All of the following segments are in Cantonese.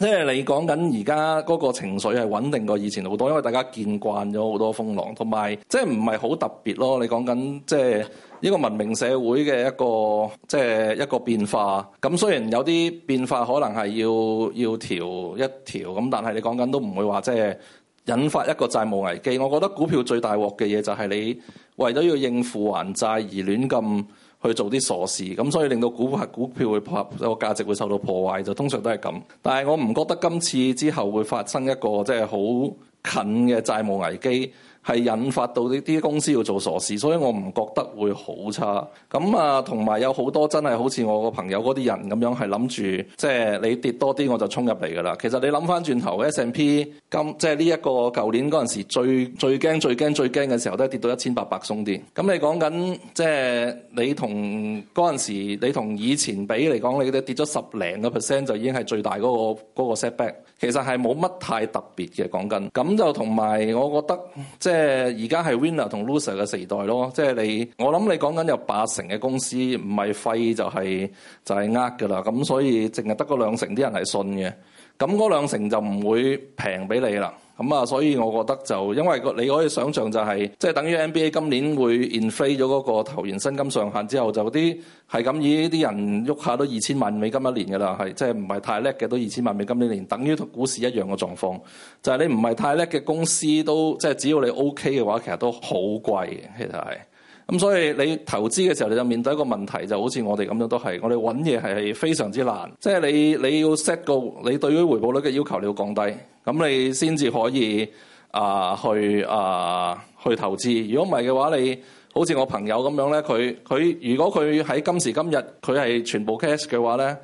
即係你講緊而家嗰個情緒係穩定過以前好多，因為大家見慣咗好多風浪，同埋即係唔係好特別咯。你講緊即係呢個文明社會嘅一個即係、就是、一個變化。咁雖然有啲變化可能係要要調一調咁，但係你講緊都唔會話即係引發一個債務危機。我覺得股票最大鑊嘅嘢就係你為咗要應付還債而亂咁，去做啲傻事，咁所以令到股票會股票破個價值會受到破壞，就通常都係咁。但係我唔覺得今次之後會發生一個即係好近嘅債務危機。係引發到啲啲公司要做傻事，所以我唔覺得會好差。咁啊，同埋有好多真係好似我個朋友嗰啲人咁樣，係諗住即係你跌多啲我就衝入嚟㗎啦。其實你諗翻轉頭，S&P 今即係呢一個舊年嗰陣時最最驚最驚最驚嘅時候，時候都係，跌到一千八百鬆啲。咁你講緊即係你同嗰陣時，你同以前比嚟講，你跌跌咗十零個 percent 就已經係最大嗰、嗰個嗰、嗰個 setback。其實係冇乜太特別嘅講緊，咁就同埋我覺得，即係而家係 winner 同 loser 嘅時代咯。即係你，我諗你講緊有八成嘅公司唔係廢就係就係呃㗎啦。咁所以淨係得嗰兩成啲人係信嘅，咁嗰兩成就唔會平俾你啦。咁啊、嗯，所以我覺得就因為個你可以想象就係、是，即、就、係、是、等於 NBA 今年會 inflate 咗嗰個投完薪金上限之後就，就啲係咁依啲人喐下都二千萬美金一年嘅啦，係，即係唔係太叻嘅都二千萬美金一年，等於同股市一樣嘅狀況，就係、是、你唔係太叻嘅公司都即係、就是、只要你 OK 嘅話，其實都好貴，嘅，其實係。咁所以你投資嘅時候，你就面對一個問題，就好似我哋咁樣都係，我哋揾嘢係非常之難。即係你你要 set 個你對於回報率嘅要求，你要降低，咁你先至可以啊去啊去投資。如果唔係嘅話，你好似我朋友咁樣呢，佢佢如果佢喺今時今日佢係全部 cash 嘅話呢。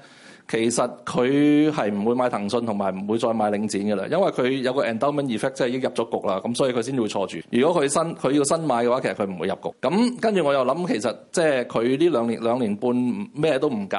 其實佢係唔會買騰訊同埋唔會再買領展㗎啦，因為佢有個 endowment effect 即係已經入咗局啦，咁所以佢先會坐住。如果佢新佢要新買嘅話，其實佢唔會入局。咁跟住我又諗，其實即係佢呢兩年兩年半咩都唔搞，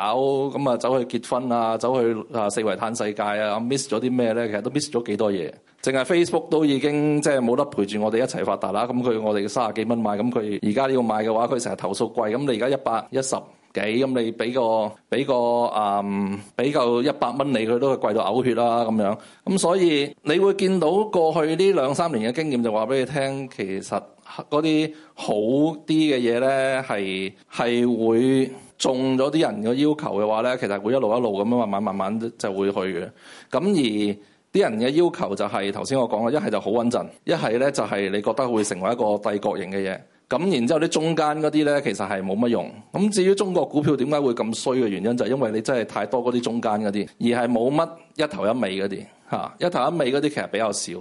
咁啊走去結婚啊，走去啊四圍嘆世界啊，miss 咗啲咩咧？其實都 miss 咗幾多嘢。淨係 Facebook 都已經即係冇得陪住我哋一齊發達啦。咁佢我哋卅幾蚊買，咁佢而家呢要買嘅話，佢成日投訴貴。咁你而家一百一十？幾，咁你俾個俾個誒，嗯、俾個一百蚊你佢都會貴到嘔血啦咁樣。咁所以你會見到過去呢兩三年嘅經驗，就話俾你聽，其實嗰啲好啲嘅嘢咧，係係會中咗啲人嘅要求嘅話咧，其實會一路一路咁樣慢慢慢慢就會去嘅。咁而啲人嘅要求就係頭先我講嘅，一係就好穩陣，一係咧就係你覺得會成為一個帝國型嘅嘢。咁然之後啲中間嗰啲咧，其實係冇乜用。咁至於中國股票點解會咁衰嘅原因，就係因為你真係太多嗰啲中間嗰啲，而係冇乜一頭一尾嗰啲嚇。一頭一尾嗰啲其實比較少。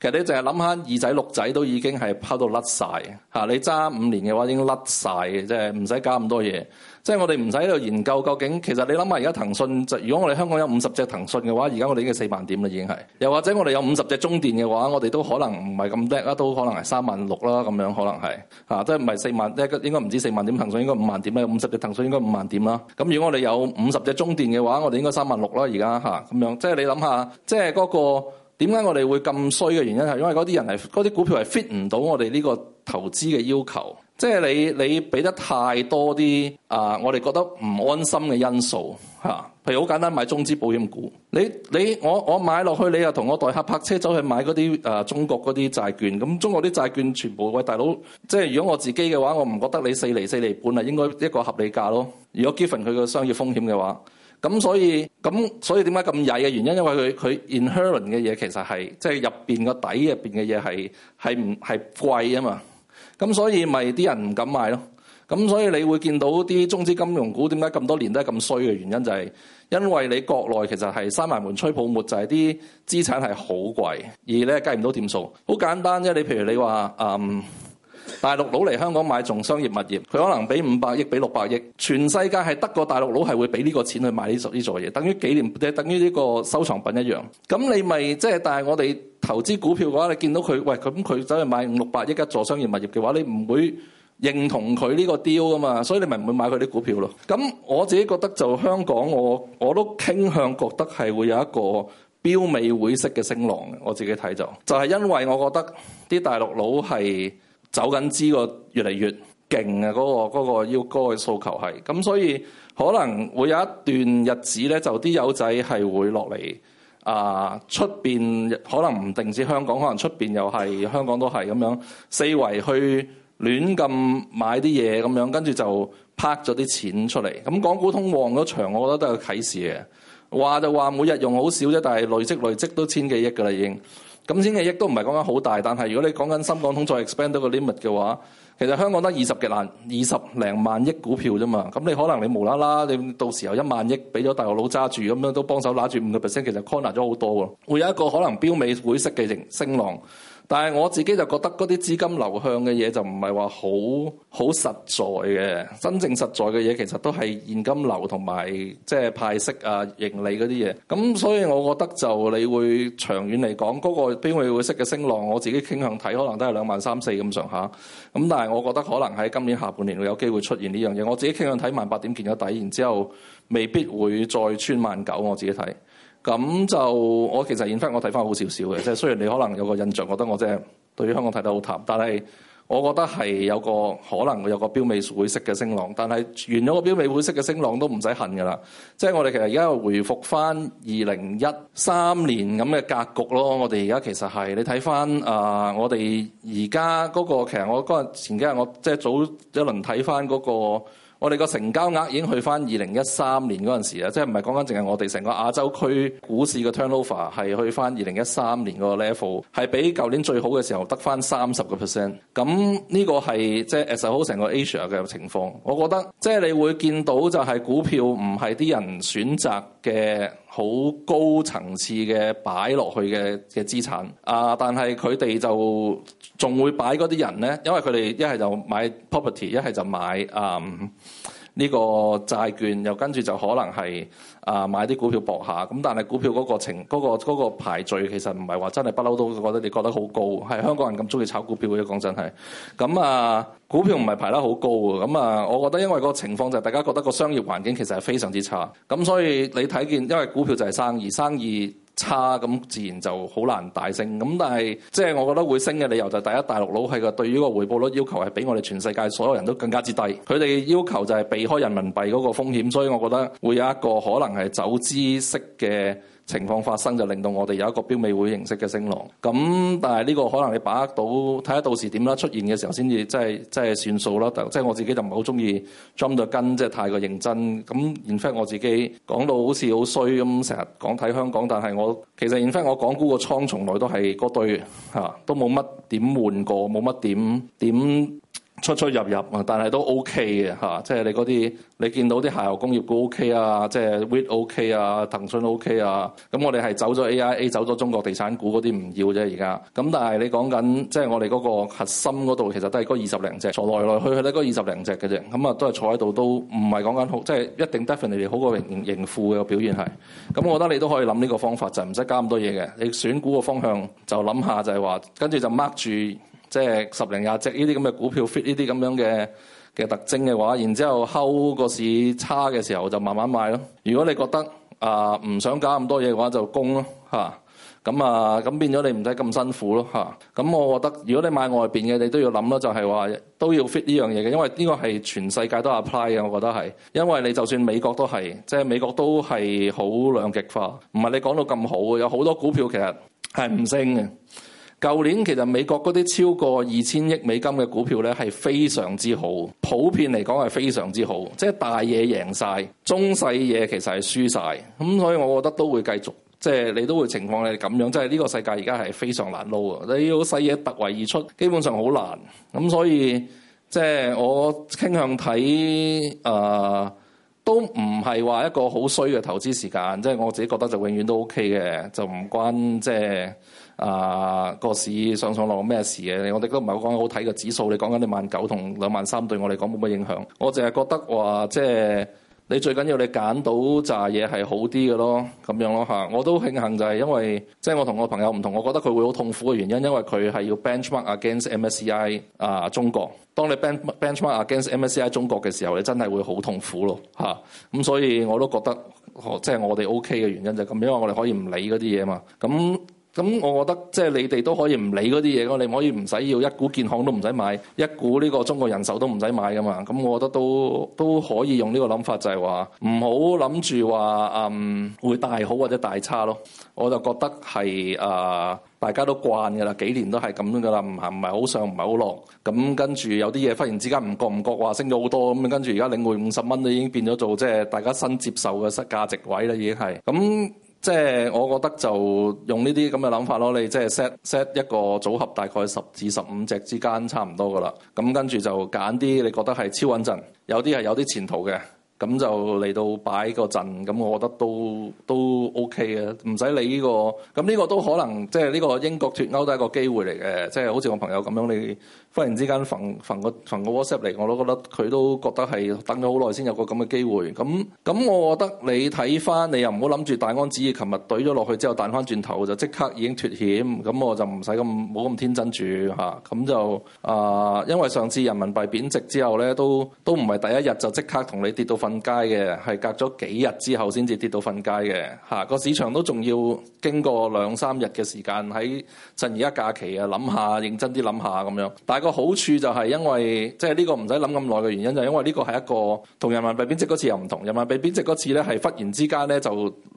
其實你淨係諗下二仔六仔都已經係拋到甩晒嘅。你揸五年嘅話，已經甩晒嘅，即係唔使搞咁多嘢。即係我哋唔使喺度研究究竟，其實你諗下，而家騰訊，如果我哋香港有五十隻騰訊嘅話，而家我哋已經四萬點啦，已經係。又或者我哋有五十隻中電嘅話，我哋都可能唔係咁叻啦，都可能係三萬六啦，咁樣可能係。啊，即係唔係四萬？應該唔止四萬點，騰訊應該五萬點啦。五十隻騰訊應該五萬點啦。咁、啊、如果我哋有五十隻中電嘅話，我哋應該三萬六啦，而家吓，咁樣。即係你諗下，即係嗰、嗰個點解我哋會咁衰嘅原因係，因為嗰啲人係嗰啲股票係 fit 唔到我哋呢個投資嘅要求。即係你你俾得太多啲啊，我哋覺得唔安心嘅因素嚇、啊，譬如好簡單買中資保險股，你你我我買落去，你又同我代客泊車走去買嗰啲啊中國嗰啲債券，咁中國啲債券全部喂，大佬，即係如果我自己嘅話，我唔覺得你四厘四厘半係應該一個合理價咯。如果 given 佢個商業風險嘅話，咁所以咁所以點解咁曳嘅原因，因為佢佢 inherent 嘅嘢其實係即係入邊個底入邊嘅嘢係係唔係貴啊嘛？咁所以咪啲人唔敢買咯，咁所以你會見到啲中資金融股點解咁多年都係咁衰嘅原因就係因為你國內其實係閂埋門吹泡沫，就係、是、啲資產係好貴，而你係計唔到點數，好簡單啫。你譬如你話嗯。大陸佬嚟香港買重商業物業，佢可能俾五百億俾六百億，全世界係得個大陸佬係會俾呢個錢去買呢座呢座嘢，等於幾年，等於呢個收藏品一樣。咁你咪即係，但係我哋投資股票嘅話，你見到佢喂，咁佢走去買五六百億一座商業物業嘅話，你唔會認同佢呢個 deal 噶嘛，所以你咪唔會買佢啲股票咯。咁我自己覺得就香港我，我我都傾向覺得係會有一個標尾會式嘅升浪。我自己睇就，就係因為我覺得啲大陸佬係。走緊之個越嚟越勁啊！嗰個嗰個要高嘅訴求係咁，所以可能會有一段日子咧，就啲友仔係會落嚟啊出邊，可能唔定止香港，可能出邊又係香港都係咁樣四圍去亂咁買啲嘢咁樣，跟住就拍咗啲錢出嚟。咁港股通旺咗場，我覺得都有啟示嘅。話就話每日用好少啫，但係累積累積都千幾億噶啦已經。咁千幾億都唔係講緊好大，但係如果你講緊深港通再 expand 到個 limit 嘅話，其實香港得二十幾萬、二十零萬億股票啫嘛，咁你可能你無啦啦，你到時候一萬億俾咗大陸佬揸住咁樣，都幫手攞住五個 percent，其實 corner 咗好多喎，會有一個可能標尾會息嘅升浪。但係我自己就覺得嗰啲資金流向嘅嘢就唔係話好好實在嘅，真正實在嘅嘢其實都係現金流同埋即係派息啊、盈利嗰啲嘢。咁所以我覺得就你會長遠嚟講，嗰個邊會會識嘅升浪，我自己傾向睇可能都係兩萬三四咁上下。咁但係我覺得可能喺今年下半年會有機會出現呢樣嘢。我自己傾向睇萬八點見咗底，然之後未必會再穿萬九。我自己睇。咁就我其實現翻，我睇翻好少少嘅，即係雖然你可能有個印象，我覺得我即係對於香港睇得好淡，但係我覺得係有個可能會有個標尾會息嘅升浪，但係完咗個標尾會息嘅升浪都唔使恨㗎啦。即係我哋其實而家又回復翻二零一三年咁嘅格局咯。我哋而家其實係你睇翻啊，我哋而家嗰個其實我嗰日前幾日我即係早一輪睇翻嗰個。我哋個成交額已經去翻二零一三年嗰陣時啦，即係唔係講緊淨係我哋成個亞洲區股市嘅 turnover 係去翻二零一三年個 level，係比舊年最好嘅時候得翻三十個 percent。咁呢個係即係實好成個 Asia 嘅情況。我覺得即係你會見到就係股票唔係啲人選擇。嘅好高層次嘅擺落去嘅嘅資產啊，但係佢哋就仲會擺嗰啲人咧，因為佢哋一係就買 property，一係就買嗯呢個債券，又跟住就可能係。啊！買啲股票搏下，咁但係股票嗰個情、嗰個嗰個排序其實唔係話真係不嬲都覺得你覺得好高，係香港人咁中意炒股票嘅，講真係。咁啊，股票唔係排得好高嘅，咁啊，我覺得因為個情況就係大家覺得個商業環境其實係非常之差，咁所以你睇見，因為股票就係生意，生意。差咁自然就好難大升，咁但係即係我覺得會升嘅理由就係第一，大陸佬係個對於個回報率要求係比我哋全世界所有人都更加之低，佢哋要求就係避開人民幣嗰個風險，所以我覺得會有一個可能係走資式嘅。情況發生就令到我哋有一個標尾會形式嘅升浪，咁但係呢個可能你把握到睇下到時點啦，出現嘅時候先至即係即係算數咯。即係我自己就唔係好中意 jump the gun，即係太過認真。咁 in fact 我自己講到好似好衰咁，成日講睇香港，但係我其實 in fact 我港股個倉從來都係嗰堆都冇乜點換過，冇乜點點。出出入入、OK、啊，但係都 O K 嘅吓，即係你嗰啲你見到啲下游工業股 O、OK、K 啊，即係 w i d O K 啊，騰訊 O、OK、K 啊，咁我哋係走咗 A I A 走咗中國地產股嗰啲唔要啫，而家咁但係你講緊即係我哋嗰個核心嗰度，其實都係嗰二十零隻坐來來去去都嗰二十零隻嘅啫，咁、嗯、啊都係坐喺度都唔係講緊好，即係一定 definitely 好過盈，盈富嘅表現係，咁、嗯、我覺得你都可以諗呢個方法就唔、是、使加咁多嘢嘅，你選股個方向就諗下就係話跟住就 mark 住。即係十零廿隻呢啲咁嘅股票 fit 呢啲咁樣嘅嘅特徵嘅話，然之後睺個市差嘅時候就慢慢買咯。如果你覺得啊唔想搞咁多嘢嘅話，就供咯嚇。咁啊咁變咗你唔使咁辛苦咯嚇。咁我覺得如果你買外邊嘅，你都要諗咯，就係話都要 fit 呢樣嘢嘅，因為呢個係全世界都 apply 嘅，我覺得係。因為你就算美國都係，即係美國都係好兩極化，唔係你講到咁好嘅，有好多股票其實係唔升嘅。舊年其實美國嗰啲超過二千億美金嘅股票咧，係非常之好，普遍嚟講係非常之好。即係大嘢贏晒，中細嘢其實係輸晒。咁所以我覺得都會繼續，即係你都會情況係咁樣。即係呢個世界而家係非常難撈啊！你要細嘢突圍而出，基本上好難。咁所以即係我傾向睇啊，呃，都唔係話一個好衰嘅投資時間。即係我自己覺得就永遠都 OK 嘅，就唔關即係。就是啊，個市上上落咩事嘅？我哋都唔係講好睇嘅指數，你講緊你萬九同兩萬三，對我嚟講冇乜影響。我淨係覺得話，即係、就是、你最緊要你揀到紮嘢係好啲嘅咯，咁樣咯嚇。我都慶幸就係因為即係、就是、我同我朋友唔同，我覺得佢會好痛苦嘅原因，因為佢係要 benchmark against MSCI 啊中國。當你 benchmark against MSCI 中國嘅時候，你真係會好痛苦咯嚇。咁、啊、所以我都覺得即係、就是、我哋 OK 嘅原因就係咁，因為我哋可以唔理嗰啲嘢嘛。咁咁我覺得即係你哋都可以唔理嗰啲嘢咯，你可以唔使要一股建行都唔使買，一股呢個中國人壽都唔使買噶嘛。咁我覺得都都可以用呢個諗法就，就係話唔好諗住話嗯會大好或者大差咯。我就覺得係誒、呃、大家都慣嘅啦，幾年都係咁樣噶啦，唔係唔係好上唔係好落。咁跟住有啲嘢忽然之間唔覺唔覺話升咗好多咁，跟住而家領匯五十蚊都已經變咗做即係大家新接受嘅失價值位啦，已經係咁。即係我覺得就用呢啲咁嘅諗法咯，你即係 set set 一個組合，大概十至十五隻之間差唔多噶啦。咁跟住就揀啲你覺得係超穩陣，有啲係有啲前途嘅。咁就嚟到擺個陣，咁我覺得都都 OK 嘅，唔使理呢個。咁呢個都可能即係呢個英國脱歐都係一個機會嚟嘅，即係好似我朋友咁樣你。忽然之間馮馮個馮個 WhatsApp 嚟，我都覺得佢都覺得係等咗好耐先有個咁嘅機會。咁、嗯、咁、嗯，我覺得你睇翻，你又唔好諗住大安旨意，琴日懟咗落去之後彈翻轉頭就即刻已經脱險。咁、嗯、我就唔使咁冇咁天真住嚇。咁就啊、嗯嗯，因為上次人民幣貶值之後呢，都都唔係第一日就即刻同你跌到瞓街嘅，係隔咗幾日之後先至跌到瞓街嘅嚇。個、啊、市場都仲要經過兩三日嘅時間喺趁而家假期啊，諗下認真啲諗下咁樣，但係個好處就係因為即係呢個唔使諗咁耐嘅原因，就係、因為呢個係一個同人民幣貶值嗰次又唔同。人民幣貶值嗰次咧，係忽然之間咧就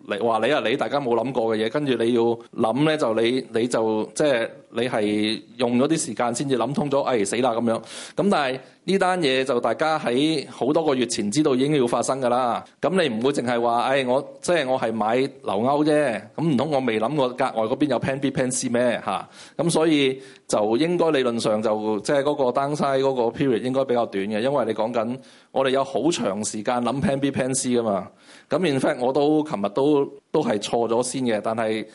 嚟話你啊你，大家冇諗過嘅嘢，跟住你要諗咧就你你就即係。就係你係用咗啲時間先至諗通咗，哎死啦咁樣。咁但係呢單嘢就大家喺好多個月前知道已經要發生㗎啦。咁你唔會淨係話，哎我即係我係買留歐啫。咁唔通我未諗過隔外嗰邊有 Plan B Plan C 咩嚇？咁所以就應該理論上就即係嗰個 downside 嗰個 period 應該比較短嘅，因為你講緊我哋有好長時間諗 Plan B Plan C 啊嘛。咁 in fact 我都琴日都都係錯咗先嘅，但係。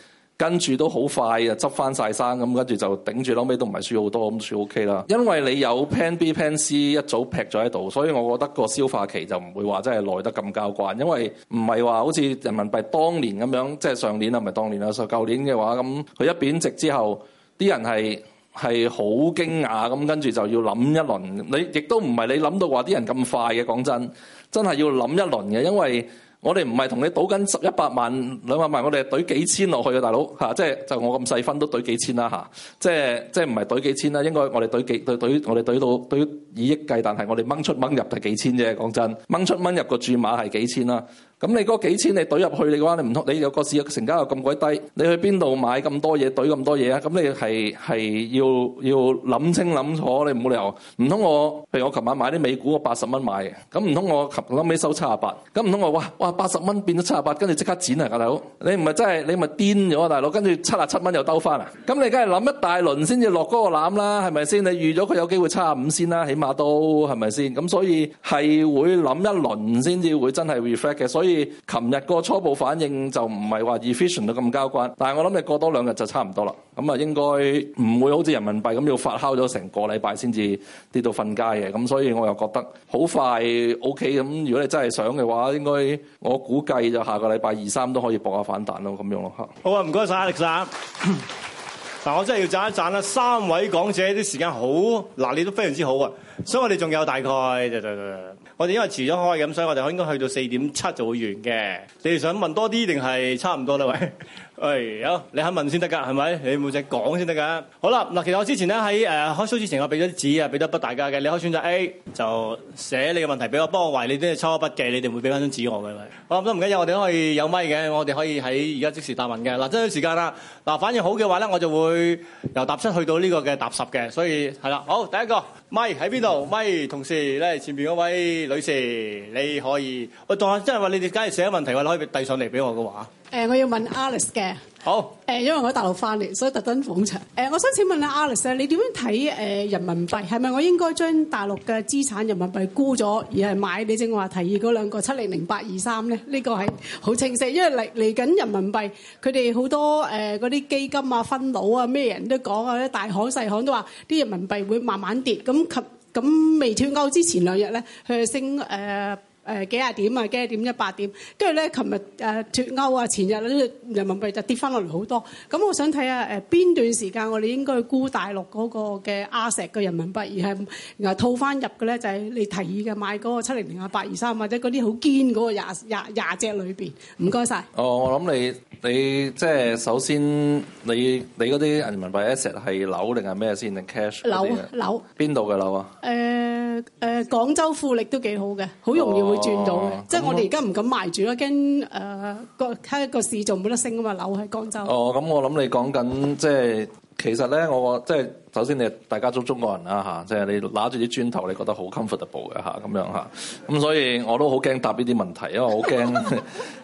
跟住都好快啊，執翻晒生咁，跟住就頂住，後尾，都唔係輸好多咁，算 OK 啦。因為你有 Pan B Pan C 一早劈咗喺度，所以我覺得個消化期就唔會話真係耐得咁交關。因為唔係話好似人民幣當年咁樣，即係上年啊，唔係當年啊，舊年嘅話，咁佢一貶值之後，啲人係係好驚訝，咁跟住就要諗一輪。你亦都唔係你諗到話啲人咁快嘅，講真，真係要諗一輪嘅，因為。我哋唔係同你賭緊十一百萬兩百萬，我哋係賭幾千落去、就是、千啊，大佬即係就我咁細分都賭幾千啦嚇！即係即係唔係賭幾千啦？應該我哋賭幾賭賭我哋賭到賭以億計，但係我哋掹出掹入係幾千啫。講真，掹出掹入個注碼係幾千啦。咁你嗰幾千你懟入去你嘅話，你唔通你有個市嘅成交又咁鬼低，你去邊度買咁多嘢懟咁多嘢啊？咁你係係要要諗清諗楚，你冇理由。唔通我譬如我琴晚買啲美股，我八十蚊買嘅，咁唔通我琴後尾收七啊八，咁唔通我哇哇八十蚊變咗七啊八，跟住即刻剪啊，大佬！你唔係真係你咪癲咗，大佬，跟住七啊七蚊又兜翻啊！咁你梗係諗一大輪先至落嗰個攬啦，係咪先？你預咗佢有機會七啊五先啦，起碼都係咪先？咁所以係會諗一輪先至會真係 reflect 嘅，所以。琴日個初步反應就唔係話 efficient 到咁交關，但係我諗你過多兩日就差唔多啦。咁啊，應該唔會好似人民幣咁要發酵咗成個禮拜先至跌到瞓街嘅。咁所以我又覺得好快 OK。咁如果你真係想嘅話，應該我估計就下個禮拜二三都可以博下反彈咯。咁樣咯，嚇。好啊，唔該晒 Alex。嗱，我真係要讚一讚啦。三位講者啲時間好，嗱，你都非常之好啊。所以我哋仲有大概。我哋因為遲咗開咁，所以我哋應該去到四點七就會完嘅。你哋想問多啲定係差唔多咧？喂。 喂，好，你肯問先得噶，係咪？你冇只講先得噶。好啦，嗱，其實我之前咧喺誒開 show 之前我，我俾咗啲紙啊，俾咗筆大家嘅，你可以選擇 A 就寫你嘅問題俾我，幫我為你啲初筆記，你哋會俾翻張紙我嘅係咪？好啦，咁都唔緊要，我哋可以有咪嘅，我哋可以喺而家即時答問嘅。嗱，真係時間啦，嗱，反應好嘅話咧，我就會由答七去到呢個嘅答十嘅，所以係啦。好，第一個，咪喺邊度？咪。同事，嚟前面嗰位女士，你可以喂，啊，仲有，即係話你哋梗係寫問題嘅話，你可以遞上嚟俾我嘅話。誒，我要問 Alex 嘅。好。誒，因為我喺大陸翻嚟，所以特登捧場。誒，我想請問下 Alex 咧，你點樣睇誒人民幣？係咪我應該將大陸嘅資產人民幣沽咗，而係買你正話提議嗰兩個七零零八二三咧？呢個係好清晰，因為嚟嚟緊人民幣，佢哋好多誒嗰啲基金啊、分佬啊、咩人都講啊，大行細行都話啲人民幣會慢慢跌。咁及咁未脫鈎之前兩日咧，佢升誒。誒幾廿點啊，幾廿點，幾點一百點，跟住咧，琴日誒脫歐啊，前日呢，人民幣就跌翻落嚟好多。咁、嗯、我想睇下誒邊段時間我哋應該沽大陸嗰、那個嘅阿石嘅人民幣，而係然後套翻入嘅咧，就係、是、你提議嘅買嗰個七零零啊八二三或者嗰啲好堅嗰個廿廿廿隻裏邊。唔該晒。哦、呃，我諗你你即係、就是、首先你你嗰啲人民幣 asset 係樓定係咩先定 cash 樓樓邊度嘅樓啊？誒誒、呃呃呃，廣州富力都幾好嘅，好容易。會轉到嘅，即係我哋而家唔敢埋住啦。驚誒，個睇個市仲冇得升啊嘛，樓喺廣州。哦，咁我諗你講緊即係，其實咧我即係。首先你大家做中國人啦吓，即係你拿住啲磚頭，你覺得好 comfortable 嘅吓，咁樣吓，咁所以我都好驚答呢啲問題，因為我好驚，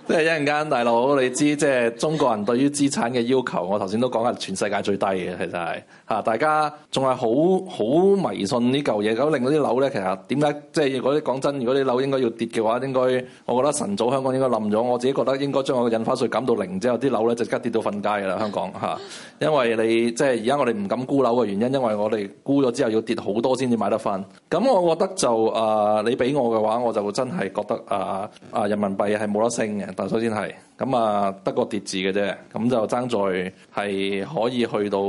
即 係一陣間大佬你知，即係中國人對於資產嘅要求，我頭先都講係全世界最低嘅，其實係吓大家仲係好好迷信呢舊嘢，咁令到啲樓咧，其實點解即係如果講真，如果啲樓應該要跌嘅話，應該我覺得晨早香港應該冧咗。我自己覺得應該將我嘅印花稅減到零之後啲樓咧即刻跌到瞓街嘅啦，香港吓，因為你即係而家我哋唔敢沽樓嘅原因。因因為我哋沽咗之後要跌好多先至買得翻，咁我覺得就啊、呃，你俾我嘅話，我就真係覺得啊啊、呃，人民幣係冇得升嘅，但首先係咁啊，得、嗯、個、呃、跌字嘅啫，咁就爭在係可以去到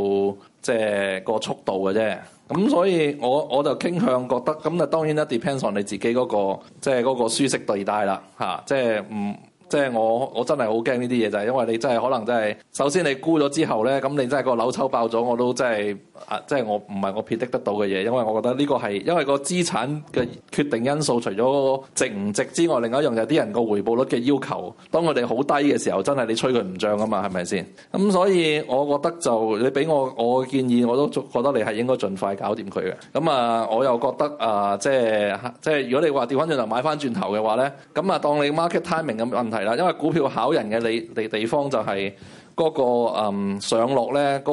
即係個速度嘅啫，咁所以我我就傾向覺得，咁啊當然啦，depends on 你自己嗰、那個即係嗰、那個舒適地帶啦，嚇、啊，即係唔。嗯即係我我真係好驚呢啲嘢，就係因為你真係可能真係首先你沽咗之後咧，咁你真係個樓抽爆咗，我都真係啊，即係我唔係我撇得得到嘅嘢，因為我覺得呢個係因為個資產嘅決定因素，除咗值唔值之外，另外一樣就係啲人個回報率嘅要求。當佢哋好低嘅時候，真係你吹佢唔漲啊嘛，係咪先？咁所以我覺得就你俾我我建議，我都覺得你係應該盡快搞掂佢嘅。咁啊，我又覺得啊，即係即係如果你話調翻轉頭買翻轉頭嘅話咧，咁啊，當你 market timing 嘅問題。係啦，因為股票考人嘅你地地方就係、是。嗰個誒上落咧，嗰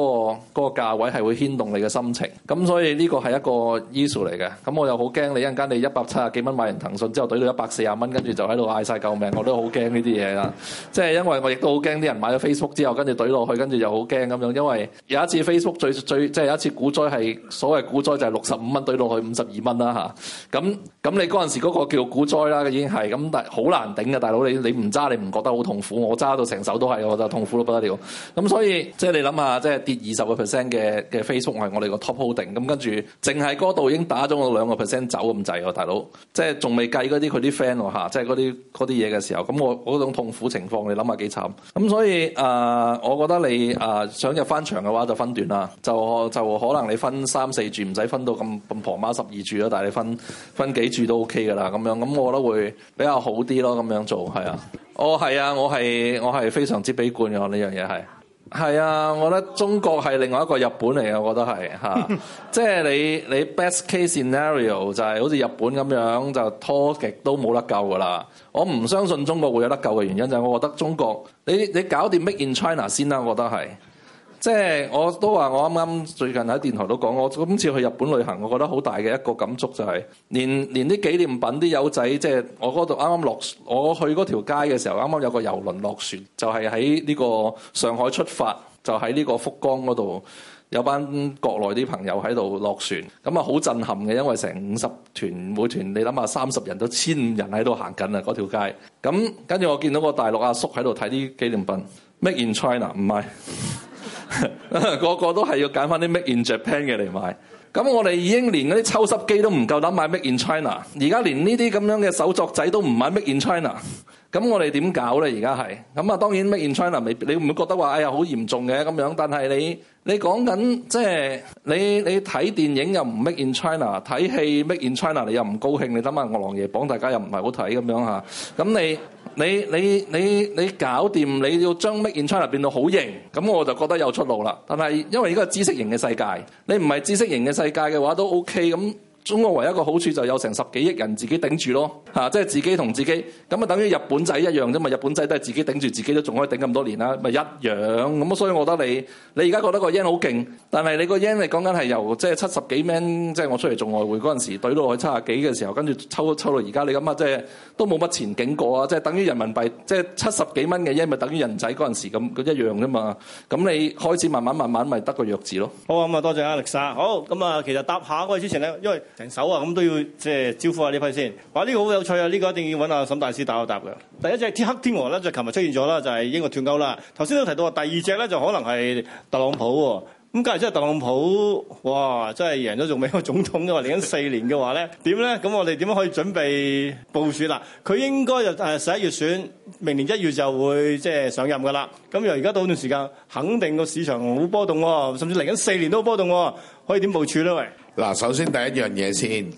個嗰個價位係會牽動你嘅心情，咁所以呢個係一個 issue 嚟嘅。咁我又好驚你一陣間你一百七啊幾蚊買完騰訊之後，懟到一百四十蚊，跟住就喺度嗌晒救命，我都好驚呢啲嘢啦。即係因為我亦都好驚啲人買咗 Facebook 之後，跟住懟落去，跟住又好驚咁樣。因為有一次 Facebook 最最即係有一次股災，係所謂股災就係六十五蚊懟落去五十二蚊啦嚇。咁咁你嗰陣時嗰個叫股災啦，已經係咁，但係好難頂嘅大佬，你你唔揸你唔覺得好痛苦，我揸到成手都係，我就痛苦到不得了。咁、嗯、所以即係你諗下，即係跌二十個 percent 嘅嘅 Facebook 係我哋個 top holding，咁跟住淨係嗰度已經打咗我兩個 percent 走咁滯喎，大佬，即係仲未計嗰啲佢啲 friend 吓，即係嗰啲啲嘢嘅時候，咁我嗰種痛苦情況你諗下幾慘。咁、嗯、所以誒、呃，我覺得你誒、呃、想入翻場嘅話就分段啦，就就可能你分三四注，唔使分到咁咁婆媽十二注啦，但係你分分幾注都 ok 噶啦，咁樣，咁我覺得會比較好啲咯，咁樣做係啊。哦，係啊，我係我係非常之悲觀嘅呢樣。嘅係啊，我覺得中國係另外一個日本嚟嘅，我覺得係吓， 即係你你 best case scenario 就係好似日本咁樣就拖極都冇得救噶啦。我唔相信中國會有得救嘅原因就係、是、我覺得中國你你搞掂 make in China 先啦，我覺得係。即係我都話，我啱啱最近喺電台都講，我今次去日本旅行，我覺得好大嘅一個感觸就係、係、連連啲紀念品啲友仔，即係我嗰度啱啱落我去嗰條街嘅時候，啱啱有個遊輪落船，就係喺呢個上海出發，就喺呢個福岡嗰度有班國內啲朋友喺度落船咁啊，好震撼嘅，因為成五十團每團，你諗下三十人都千五人喺度行緊啊嗰條街，咁跟住我見到個大陸阿叔喺度睇啲紀念品，Make in China 唔係。 個個都係要揀翻啲 Made in Japan 嘅嚟買，咁我哋已經連嗰啲抽濕機都唔夠膽買 Made in China，而家連呢啲咁樣嘅手作仔都唔買 Made in China，咁我哋點搞咧？而家係，咁啊，當然 Made in China 未你唔會覺得話哎呀好嚴重嘅咁樣。但係你你講緊即係你你睇電影又唔 Made in China，睇戲 Made in China 你又唔高興，你諗下惡狼爺榜大家又唔係好睇咁樣吓，咁你。你你你你搞掂，你要將 make in China 變得好型，咁我就覺得有出路啦。但係因為呢個係知識型嘅世界，你唔係知識型嘅世界嘅話都 OK 咁。中國唯一一個好處就有成十幾億人自己頂住咯，嚇、啊，即係自己同自己，咁啊，等於日本仔一樣啫嘛。日本仔都係自己頂住自己，自己都仲可以頂咁多年啦，咪一樣。咁、嗯、啊，所以我覺得你你而家覺得個 yen 好勁，但係你個 yen 你講緊係由即係七十幾蚊，即係我出嚟做外匯嗰陣時，對到去七十幾嘅時候，跟住抽抽到而家你咁啊，即係都冇乜前景過啊，即係等於人民幣，即係七十幾蚊嘅 yen 咪等於人仔嗰陣時咁，咁一樣啫嘛。咁你開始慢慢慢慢咪得個弱字咯。好啊，咁啊，多謝啊，Alexa。好，咁啊，其實答下嗰之前咧，因為成手啊！咁都要即係、呃、招呼下呢批先。哇！呢個好有趣啊！呢、這個一定要揾阿沈大師打個答嘅。第一隻天黑天鵝咧，就琴日出現咗啦，就係英國脫歐啦。頭先都提到話，第二隻咧就可能係特朗普喎。咁假如真係特朗普，哇！真係贏咗做美國總統啫嘛？嚟緊 四年嘅話咧，點咧？咁我哋點樣可以準備部署啦？佢應該就誒十一月選，明年一月就會即係上任噶啦。咁又而家到呢段時間，肯定個市場好波動喎，甚至嚟緊四年都波動喎。可以點部署咧？喂！嗱，首先第一樣嘢先，琴日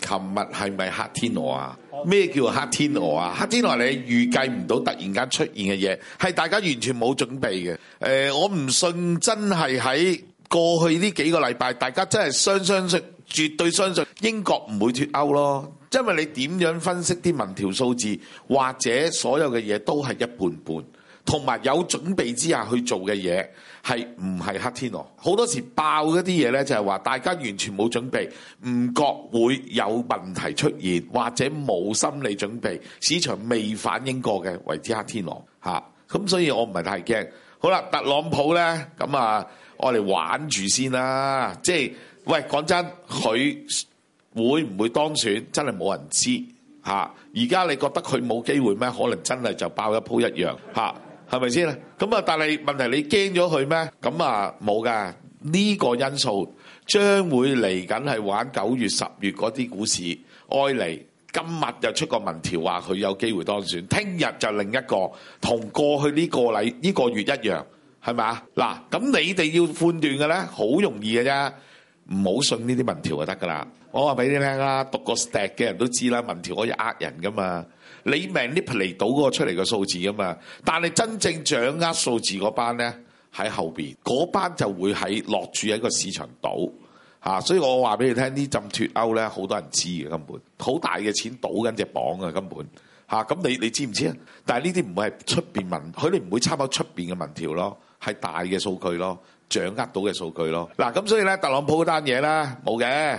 係咪黑天鵝啊？咩叫黑天鵝啊？黑天鵝，你預計唔到，突然間出現嘅嘢，係大家完全冇準備嘅。誒、呃，我唔信真係喺過去呢幾個禮拜，大家真係相，相信，絕對相信英國唔會脫歐咯。因為你點樣分析啲民調數字，或者所有嘅嘢都係一半半。同埋有，有準備之下去做嘅嘢係唔係黑天鵝？好多時爆一啲嘢呢，就係話大家完全冇準備，唔覺會有問題出現，或者冇心理準備，市場未反應過嘅為之黑天鵝嚇。咁、啊、所以我唔係太驚。好啦，特朗普呢，咁啊，我哋玩住先啦。即係喂，講真，佢會唔會當選？真係冇人知嚇。而、啊、家你覺得佢冇機會咩？可能真係就爆一鋪一樣嚇。啊係咪先？咁啊，但係問題你驚咗佢咩？咁啊，冇噶呢個因素將會嚟緊係玩九月、十月嗰啲股市。愛嚟今日就出個民調話佢有機會當選，聽日就另一個同過去呢個禮呢個月一樣，係咪？嗱，咁你哋要判斷嘅咧，好容易嘅啫，唔好信呢啲民調就得噶啦。我話俾你聽啦，讀過 Step 嘅人都知啦，民調可以呃人噶嘛。你命啲嚟到嗰個出嚟嘅數字啊嘛，但係真正掌握數字嗰班咧喺後邊，嗰班就會喺落注喺個市場賭嚇、啊，所以我話俾你聽，脫呢浸脱歐咧好多人知嘅、啊、根本，好大嘅錢賭緊隻鎊啊根本嚇，咁你你知唔知啊？但係呢啲唔會係出邊民，佢哋唔會參考出邊嘅民調咯，係大嘅數據咯，掌握到嘅數據咯。嗱、啊、咁所以咧，特朗普嗰單嘢咧冇嘅。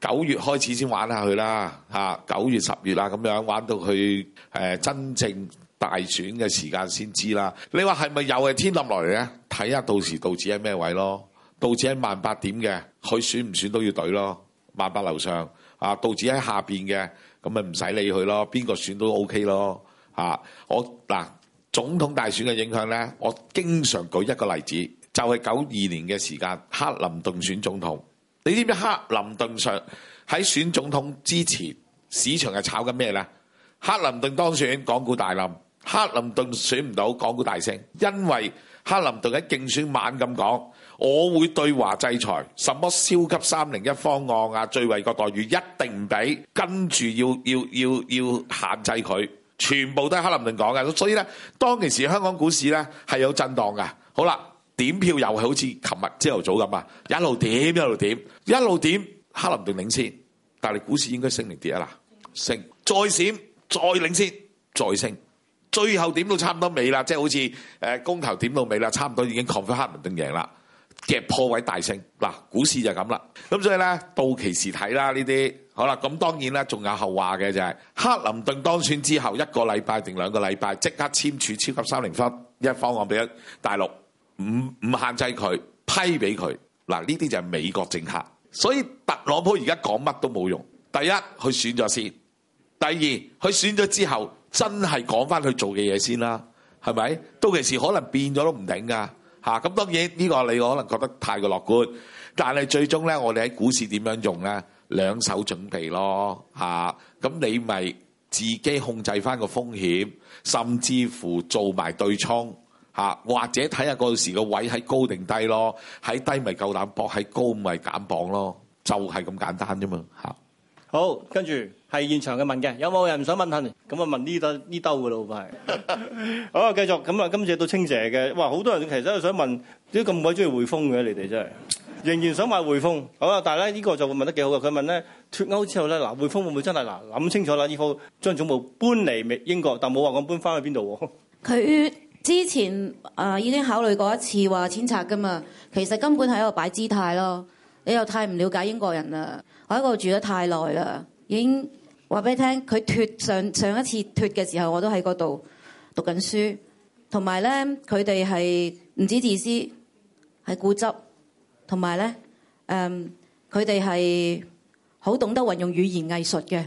九月開始先玩下佢啦，嚇九月十月啦咁樣玩到去誒真正大選嘅時間先知啦。你話係咪又係天冧落嚟呢？睇下到時道指喺咩位咯。道指喺萬八點嘅，佢選唔選都要懟咯。萬八樓上啊，道指喺下邊嘅，咁咪唔使理佢咯。邊個選都 OK 咯，嚇我嗱總統大選嘅影響呢，我經常舉一個例子，就係九二年嘅時間，克林頓選總統。你知唔知克林頓上喺選總統之前，市場係炒緊咩呢？克林頓當選，港股大冧；克林頓選唔到，港股大升。因為克林頓喺競選晚咁講，我會對華制裁，什麼超級三零一方案啊，最惠國待遇一定唔俾，跟住要要要要限制佢，全部都係克林頓講嘅。所以呢，當其時香港股市呢係有震盪嘅。好啦。點票又係好似琴日朝頭早咁啊！一路點一路點一路點，克林頓領先，但係股市應該升定跌啊嗱？升再閃再領先再升，最後點到差唔多尾啦，即係好似誒公投點到尾啦，差唔多已經 confirm 克林頓贏啦，夾破位大勝嗱，股市就咁啦。咁所以咧，到期時睇啦呢啲，好啦，咁當然咧，仲有後話嘅就係克林頓當選之後一個禮拜定兩個禮拜即刻簽署超級三零一方案俾咗大陸。唔唔限制佢批俾佢嗱呢啲就係美國政客，所以特朗普而家講乜都冇用。第一佢選咗先，第二佢選咗之後真係講翻佢做嘅嘢先啦，係咪？到其時可能變咗都唔頂噶吓。咁、啊、當然呢、呢個你可能覺得太過樂觀，但係最終呢，我哋喺股市點樣用咧？兩手準備咯吓。咁、啊、你咪自己控制翻個風險，甚至乎做埋對沖。嚇，或者睇下嗰時個位喺高定低咯，喺低咪夠膽搏，喺高咪減磅咯，就係咁簡單啫嘛嚇。好，跟住係現場嘅問嘅，有冇人唔想問下？咁啊問呢兜呢兜嘅老闆。 好啊，繼續咁啊，今次到清姐嘅哇，好多人其實都想問，點解咁鬼中意匯豐嘅你哋真係仍然想買匯豐，好嘛？但係咧呢個就會問得幾好嘅，佢問咧脱歐之後咧嗱，匯豐會唔會真係嗱諗清楚啦？以後將總部搬嚟英國，但冇話我搬翻去邊度喎？佢。之前啊、呃，已經考慮過一次話遷拆噶嘛，其實根本喺度擺姿態咯。你又太唔了解英國人啦，我喺度住得太耐啦，已經話俾你聽，佢脱上上一次脱嘅時候，我都喺嗰度讀緊書，同埋咧佢哋係唔止自私，係固執，同埋咧誒佢哋係好懂得運用語言藝術嘅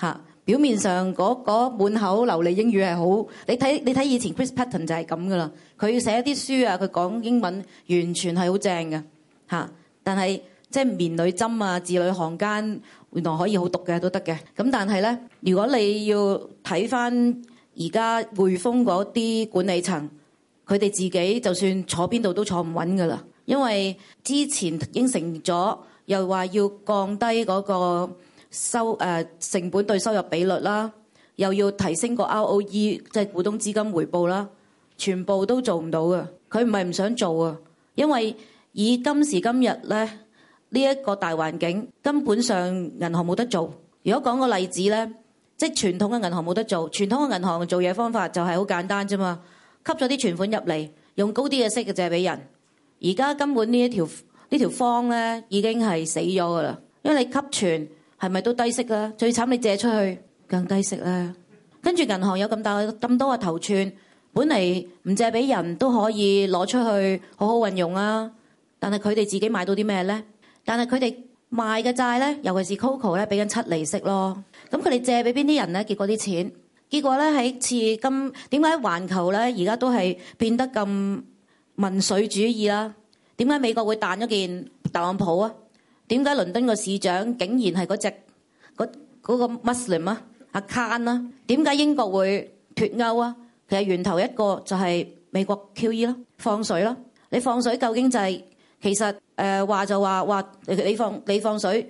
嚇。啊表面上嗰個滿口流利英語係好，你睇你睇以前 Chris Patten 就係咁㗎喇，佢寫啲書啊，佢講英文完全係好正嘅嚇。但係即係綿裏針啊，字裏行間原來可以好毒嘅都得嘅。咁但係呢，如果你要睇返而家匯豐嗰啲管理層，佢哋自己就算坐邊度都坐唔穩㗎喇，因為之前應承咗，又話要降低嗰個。收誒、呃、成本對收入比率啦，又要提升個 ROE，即係股東資金回報啦，全部都做唔到嘅。佢唔係唔想做啊，因為以今時今日咧呢一、這個大環境，根本上銀行冇得做。如果講個例子咧，即係傳統嘅銀行冇得做，傳統嘅銀行做嘢方法就係好簡單啫嘛，吸咗啲存款入嚟，用高啲嘅息嘅借係俾人。而家根本條條呢一條呢條方咧已經係死咗嘅啦，因為你吸存。係咪都低息啦？最慘你借出去更低息啦。跟住銀行有咁大咁多嘅頭寸，本嚟唔借俾人都可以攞出去好好運用啊。但係佢哋自己買到啲咩咧？但係佢哋賣嘅債咧，尤其是 Coco 咧 CO，俾緊七厘息咯。咁佢哋借俾邊啲人咧？結果啲錢，結果咧喺次咁。點解環球咧而家都係變得咁民粹主義啦？點解美國會彈咗件特朗普啊？點解倫敦個市長竟然係嗰隻嗰個 Muslim 啊？阿 Khan 啊？點解英國會脫歐啊？其實源頭一個就係美國 QE 咯，放水咯。你放水救經濟，其實誒、呃、話就話話你放你放水，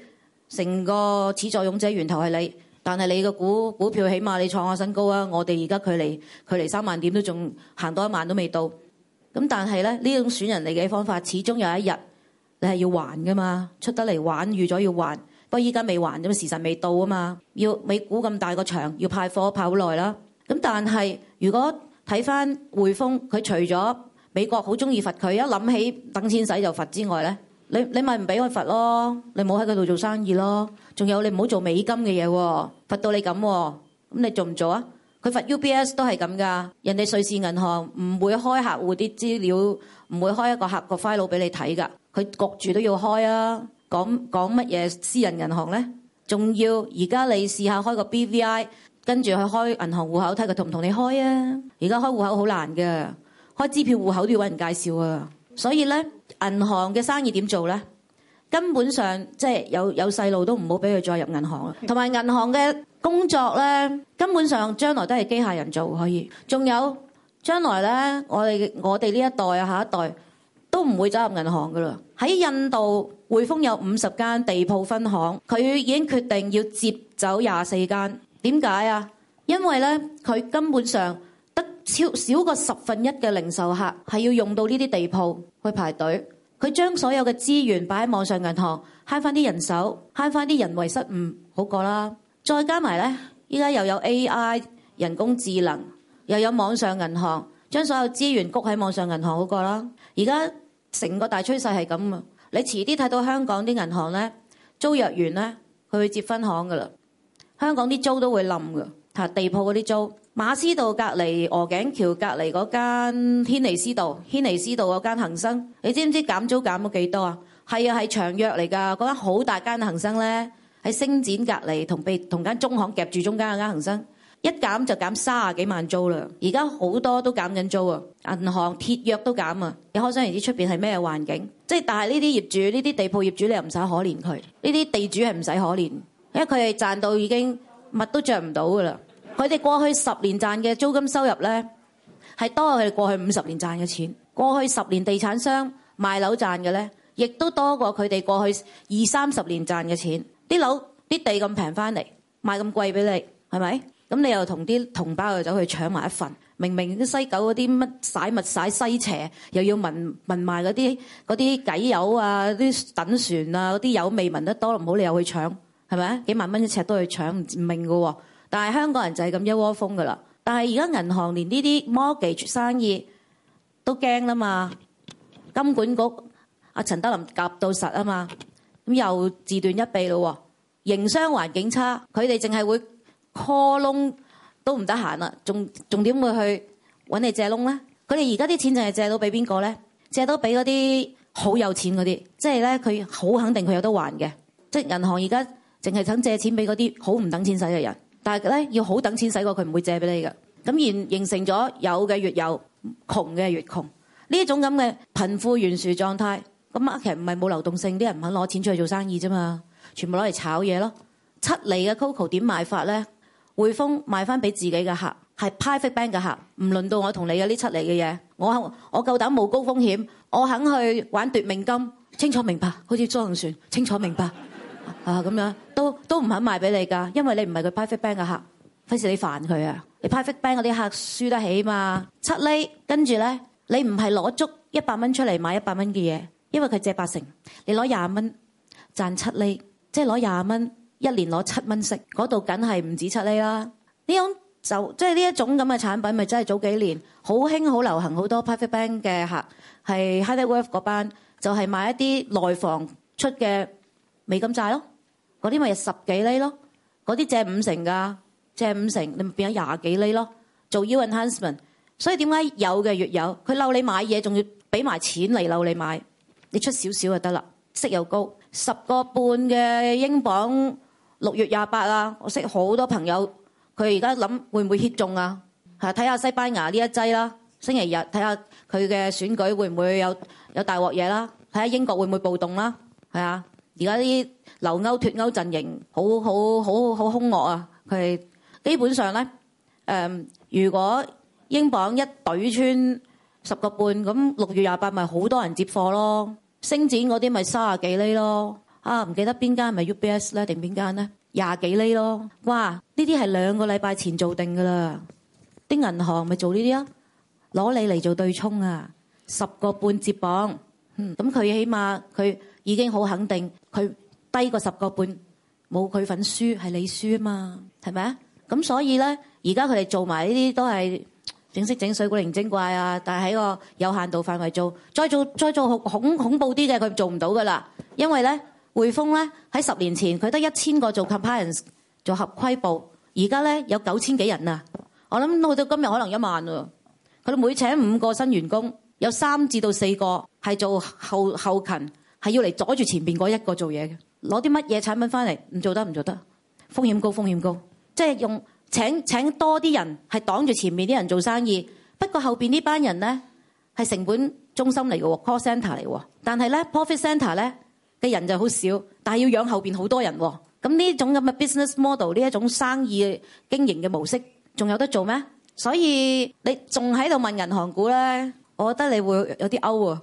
成個始作俑者源頭係你。但係你個股股票起碼你創下新高啊！我哋而家距離距離三萬點都仲行多一萬都未到。咁但係咧，呢種選人嚟嘅方法，始終有一日。你係要還㗎嘛？出得嚟玩預咗要還，不過依家未還啫嘛，時辰未到啊嘛。要美股咁大個場，要派貨派好耐啦。咁但係如果睇返匯豐，佢除咗美國好鍾意罰佢，一諗起等錢使就罰之外咧，你你咪唔俾佢罰咯，你冇喺佢度做生意咯。仲有你唔好做美金嘅嘢，罰到你咁，咁你做唔做啊？佢罰 UBS 都係噉㗎，人哋瑞士銀行唔會開客戶啲資料，唔會開一個客個 file 俾你睇㗎。佢焗住都要開啊！講講乜嘢私人銀行呢？仲要而家你試下開個 BVI，跟住去開銀行戶口睇佢同唔同你開啊？而家開戶口好難㗎，開支票戶口都要揾人介紹啊。所以呢，銀行嘅生意點做呢？根本上即係、就是、有有細路都唔好俾佢再入銀行啦。同埋銀行嘅。工作呢，根本上將來都係機械人做可以。仲有將來呢，我哋我哋呢一代啊，下一代都唔會走入銀行噶啦。喺印度，匯豐有五十間地鋪分行，佢已經決定要接走廿四間。點解啊？因為呢，佢根本上得超少過十分一嘅零售客係要用到呢啲地鋪去排隊。佢將所有嘅資源擺喺網上銀行，慳翻啲人手，慳翻啲人為失誤，好過啦。再加埋呢，依家又有 AI 人工智能，又有網上銀行，將所有資源谷喺網上銀行嗰個啦。而家成個大趨勢係咁啊！你遲啲睇到香港啲銀行呢，租約完呢，佢會接分行噶啦。香港啲租都會冧噶，嚇地鋪嗰啲租。馬師道隔離、鵝頸橋隔離嗰間軒尼詩道、軒尼詩道嗰間恒生，你知唔知減租減咗幾多啊？係啊，係長約嚟㗎，嗰間好大間嘅恒生咧。喺星展隔籬，同被，同間中行夾住中間嗰間恒生一減就減三十幾萬租啦。而家好多都減緊租啊，銀行鐵約都減啊。你可想而知出邊係咩環境？即係但係呢啲業主，呢啲地鋪業主，你又唔使可憐佢。呢啲地主係唔使可憐，因為佢係賺到已經物都著唔到噶啦。佢哋過去十年賺嘅租金收入呢，係多過佢哋過去五十年賺嘅錢。過去十年地產商賣樓賺嘅呢，亦都多過佢哋過去二三十年賺嘅錢。啲樓啲地咁平翻嚟，賣咁貴俾你，係咪？咁你又同啲同胞又走去搶埋一份？明明啲西九嗰啲乜洗物洗西邪，又要聞聞埋嗰啲嗰啲鬼油啊、啲等船啊、嗰啲油味聞得多，唔好你又去搶，係咪？幾萬蚊一尺都去搶唔明嘅喎。哦，但係香港人就係咁一窩蜂嘅啦。但係而家銀行連呢啲 mortgage 生意都驚啦嘛，金管局阿陳德霖夾到實啊嘛。又自斷一臂咯喎，營商環境差，佢哋淨係會 call 窿都唔得閒啦，仲點會去揾你借窿咧？佢哋而家啲錢淨係借到俾邊個咧？借到俾嗰啲好有錢嗰啲，即係咧佢好肯定佢有得還嘅。即係銀行而家淨係想借錢俾嗰啲好唔等錢使嘅人，但係呢，要好等錢使過佢唔會借俾你嘅。咁然形成咗有嘅越有，窮嘅越窮呢一種咁嘅貧富懸殊狀態。咁啊，其實唔係冇流動性，啲人唔肯攞錢出去做生意啫嘛，全部攞嚟炒嘢咯。七厘嘅 Coco 點賣法咧？匯豐賣翻俾自己嘅客，係 Private Bank 嘅客，唔輪到我同你嘅呢七厘嘅嘢。我我夠膽冇高風險，我肯去玩奪命金，清楚明白，好似莊龍船，清楚明白 啊咁樣，都都唔肯賣俾你噶，因為你唔係佢 Private Bank 嘅客，費事你煩佢啊。你 Private Bank 嗰啲客輸得起嘛？七厘，跟住咧，你唔係攞足一百蚊出嚟買一百蚊嘅嘢。因為佢借八成，你攞廿蚊賺七厘，即係攞廿蚊一年攞七蚊息，嗰度梗係唔止七厘啦。呢種就即係呢一種咁嘅產品，咪真係早幾年好興、好流行好多 private bank 嘅客係 hard work 嗰班，就係、是、買一啲內房出嘅美金債咯。嗰啲咪有十幾厘咯，嗰啲借五成㗎，借五成你咪變咗廿幾厘咯。做 yield enhancement，所以點解有嘅越有佢溜你買嘢，仲要俾埋錢嚟溜你買。你出少少就得啦，息又高，十個半嘅英鎊六月廿八啊！我識好多朋友，佢而家諗會唔會 hit 中啊？係睇下西班牙呢一劑啦，星期日睇下佢嘅選舉會唔會有有大鑊嘢啦？睇下英國會唔會暴動啦？係啊！而家啲留歐脱歐陣營好好好好凶惡啊！佢基本上咧，誒、呃，如果英鎊一懟穿十個半咁，六月廿八咪好多人接貨咯。星展嗰啲咪卅幾厘咯，啊唔記得邊間咪 UBS 咧定邊間咧，廿幾厘咯，哇！呢啲係兩個禮拜前做定噶啦，啲銀行咪做呢啲咯，攞你嚟做對沖啊，十個半接棒，嗯，咁佢起碼佢已經好肯定，佢低過十個半冇佢份輸係你輸啊嘛，係咪啊？咁所以咧，而家佢哋做埋呢啲都係。整色整水古靈精怪啊！但係喺個有限度範圍做，再做再做恐恐怖啲嘅佢做唔到噶啦。因為咧，匯豐咧喺十年前佢得一千個做 compliance，做合規部，而家咧有九千幾人啊。我諗到到今日可能一萬啊。佢哋每請五個新員工，有三至到四個係做後後勤，係要嚟阻住前邊嗰一個做嘢嘅。攞啲乜嘢產品翻嚟唔做得唔做得？風險高，風險高，即係用。請請多啲人係擋住前面啲人做生意，不過後邊呢班人咧係成本中心嚟嘅喎，cost center 嚟喎，但係咧 profit centre 咧嘅人就好少，但係要養後邊好多人喎。咁、嗯、呢種咁嘅 business model 呢一種生意經營嘅模式，仲有得做咩？所以你仲喺度問銀行股咧，我覺得你會有啲歐喎。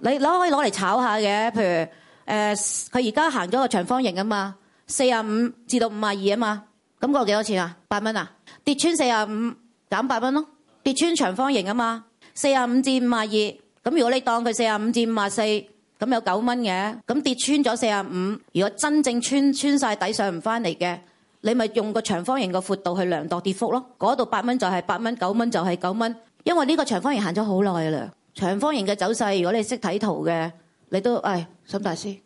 你攞可以攞嚟炒下嘅，譬如誒，佢而家行咗個長方形啊嘛，四十五至到五十二啊嘛。咁個幾多錢啊？八蚊啊？跌穿四十五，減八蚊咯。跌穿長方形啊嘛，四十五至五十二。咁如果你當佢四十五至五十四，咁有九蚊嘅。咁跌穿咗四十五，如果真正穿穿晒底上唔翻嚟嘅，你咪用個長方形個闊度去量度跌幅咯。嗰度八蚊就係八蚊，九蚊就係九蚊。因為呢個長方形行咗好耐啦。長方形嘅走勢，如果你識睇圖嘅，你都誒，沈大師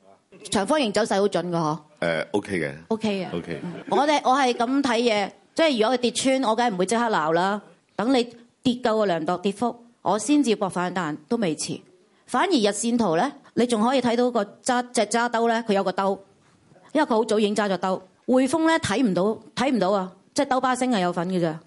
長方形走勢好準嘅。誒、uh,，OK 嘅，OK 嘅的，OK。Uh, 我哋我係咁睇嘢，即係如果佢跌穿，我梗係唔會即刻鬧啦。等你跌夠個量度跌幅，我先至博反彈，都未遲。反而日線圖咧，你仲可以睇到個揸隻揸兜咧，佢有個兜，因為佢好早已經揸咗兜。匯豐咧睇唔到，睇唔到啊，即係兜巴星係有份嘅咋。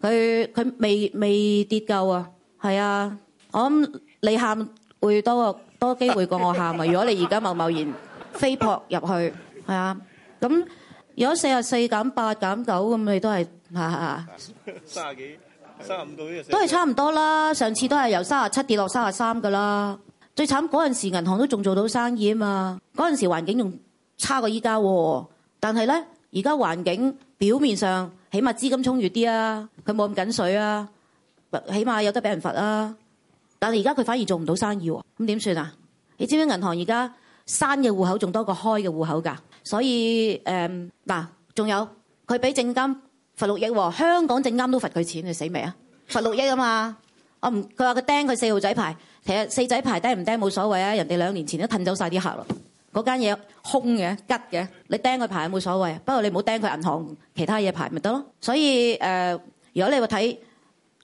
佢佢未未跌夠啊，係啊。我諗你喊會多個多機會過我喊啊。如果你而家貿貿然飛撲入去。係啊，咁有四十四減八減九咁，9, 你都係嚇嚇嚇，三廿幾、三廿五到呢？都係差唔多啦。上次都係由三廿七跌落三廿三噶啦。最慘嗰陣時，銀行都仲做到生意啊嘛。嗰陣時環境仲差過依家、啊，但係咧，而家環境表面上起碼資金充裕啲啊，佢冇咁緊水啊，起碼有得俾人罰啊。但係而家佢反而做唔到生意喎、啊，咁點算啊？你知唔知銀行而家閂嘅戶口仲多過開嘅戶口㗎？所以誒嗱，仲、嗯、有佢俾證監罰六億喎、哦，香港證監都罰佢錢，你死未啊？罰六億啊嘛！我唔，佢話佢釘佢四號仔牌，其實四仔牌釘唔釘冇所謂啊！人哋兩年前都褪走晒啲客咯，嗰間嘢空嘅、吉嘅，你釘佢牌冇所謂，不過你唔好釘佢銀行其他嘢牌咪得咯。所以誒、呃，如果你話睇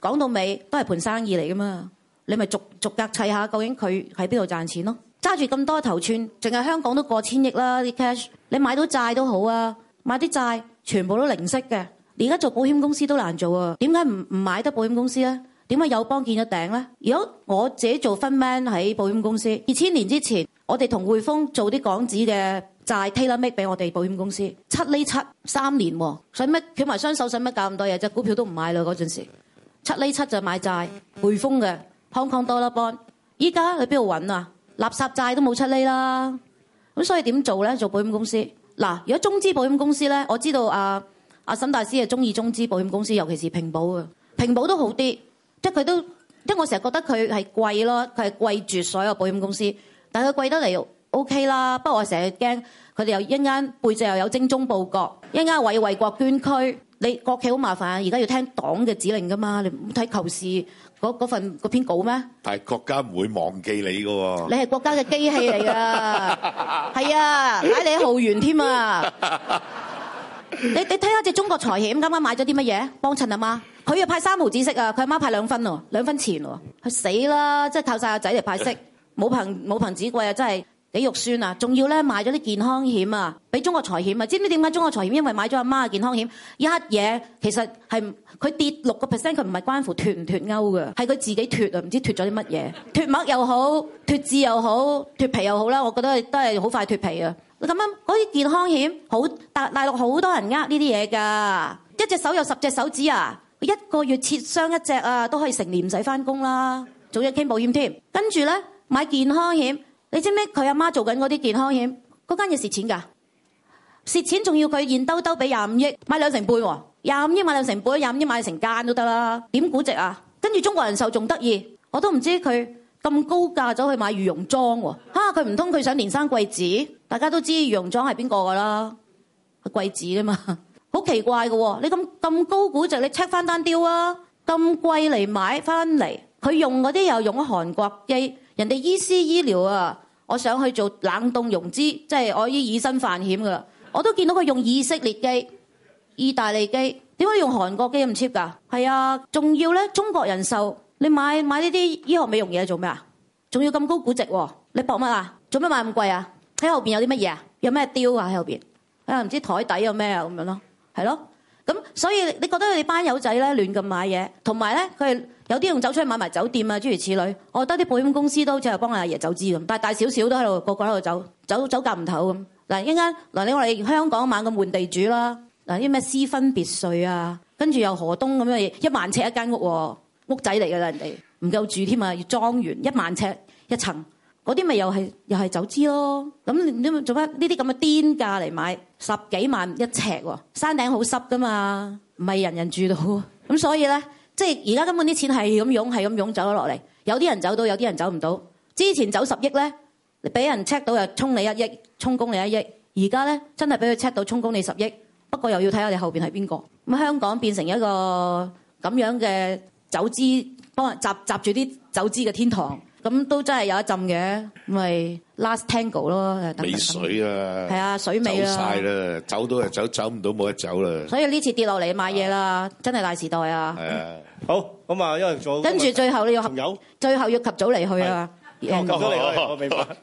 講到尾都係盤生意嚟噶嘛，你咪逐逐格砌下，究竟佢喺邊度賺錢咯？揸住咁多頭寸，淨係香港都過千億啦。啲 cash 你買到債都好啊，買啲債全部都零息嘅。而家做保險公司都難做啊，點解唔唔買得保險公司咧？點解友邦見咗頂咧？如果我自己做 fund man 喺保險公司，二千年之前我哋同匯豐做啲港紙嘅債 tailor make 俾我哋保險公司七厘七三年喎、啊，使乜佢埋雙手使乜咁多嘢？啫？股票都唔買啦嗰陣時，七厘七就買債匯豐嘅 Hong Kong Dollar Bond。依家去邊度揾啊？垃圾債都冇出嚟啦，咁所以點做呢？做保險公司嗱，如果中資保險公司呢，我知道啊啊沈大師係中意中資保險公司，尤其是平保啊，平保都好啲，即係佢都，即我成日覺得佢係貴咯，佢係貴住所有保險公司，但係佢貴得嚟 O K 啦。不過我成日驚佢哋又一間背脊又有精忠報國，一間為為國捐軀，你國企好麻煩，而家要聽黨嘅指令㗎嘛，你唔睇求事。嗰份嗰篇稿咩？但係國家唔會忘記你嘅喎，你係國家嘅機器嚟㗎，係啊，攬你號員添啊！你你睇下隻中國財險啱啱買咗啲乜嘢？幫襯阿媽，佢又派三毫子息啊！佢阿媽派兩分咯，兩分錢喎，佢死啦！即係靠曬阿仔嚟派息，冇憑冇憑子貴啊！真係。幾肉酸啊！仲要咧買咗啲健康險啊，俾中國財險啊！知唔知點解中國財險？因為買咗阿媽嘅健康險，一嘢其實係佢跌六個 percent，佢唔係關乎脱唔脱歐嘅，係佢自己脱啊！唔知脱咗啲乜嘢？脱墨又好，脱痣又好，脱皮又好啦！我覺得都係好快脱皮啊！咁樣嗰啲健康險好，大大陸好多人呃呢啲嘢㗎，一隻手有十隻手指啊，一個月切傷一隻啊，都可以成年唔使返工啦，仲要傾保險添啊。跟住呢，買健康險。你知唔知佢阿媽做緊嗰啲健康險？嗰間嘢蝕錢㗎，蝕錢仲要佢現兜兜俾廿五億買兩成半喎，廿五億買兩成半，廿五億買成間都得啦。點估值啊？跟住中國人壽仲得意，我都唔知佢咁高價走去買羽絨裝喎。嚇佢唔通佢想連生貴子？大家都知羽絨裝係邊個㗎啦？係、啊、貴子啊嘛，好奇怪嘅喎、啊！你咁咁高估值，你 check 翻單雕啊？咁貴嚟買翻嚟，佢用嗰啲又用咗韓國嘅。人哋醫師醫療啊，我想去做冷凍溶脂，即係我依以身犯險噶啦。我都見到佢用以色列機、意大利機，點解用韓國機咁 cheap 㗎？係啊，仲要咧中國人壽，你買買呢啲醫學美容嘢做咩啊？仲要咁高估值喎，啊，你搏乜啊？做咩買咁貴啊？喺後邊有啲乜嘢啊？有咩雕啊？喺後邊，啊唔知台底有咩啊咁樣咯，係咯。咁所以你覺得你班友仔咧亂咁買嘢，同埋咧佢哋。有啲人走出去買埋酒店啊，諸如此類。我覺得啲保險公司都好似係幫阿爺，爺走資咁，但大大小小都喺度，個個喺度走走走價唔頭咁。嗱，一間嚟嚟我哋香港買嘅換地主啦，嗱啲咩私人別墅啊，跟住又河東咁嘅一萬尺一間屋屋仔嚟嘅啦，人哋唔夠住添啊，要莊園一萬尺一層，嗰啲咪又係又係走資咯。咁你做乜呢啲咁嘅癲價嚟買十幾萬一尺喎？山頂好濕㗎嘛，唔係人人住到。咁所以呢。即係而家根本啲錢係咁湧，係咁湧，走咗落嚟。有啲人走到，有啲人走唔到。之前走十億呢，俾人 check 到又充你一億，充公你一億。而家呢，真係俾佢 check 到充公你十億，不過又要睇下你後面係邊個。香港變成一個咁樣嘅走資幫人集集住啲走資嘅天堂。咁都真係有一浸嘅，咪 Last Tango 咯，畀水啊，係啊，水尾啊，走曬啦，走到就走，走唔到冇得走啦。所以呢次跌落嚟買嘢啦，真係大時代啊。係啊，好咁啊，因為做跟住最後你要合友，最後要及早離去啊，及早離去，我明白。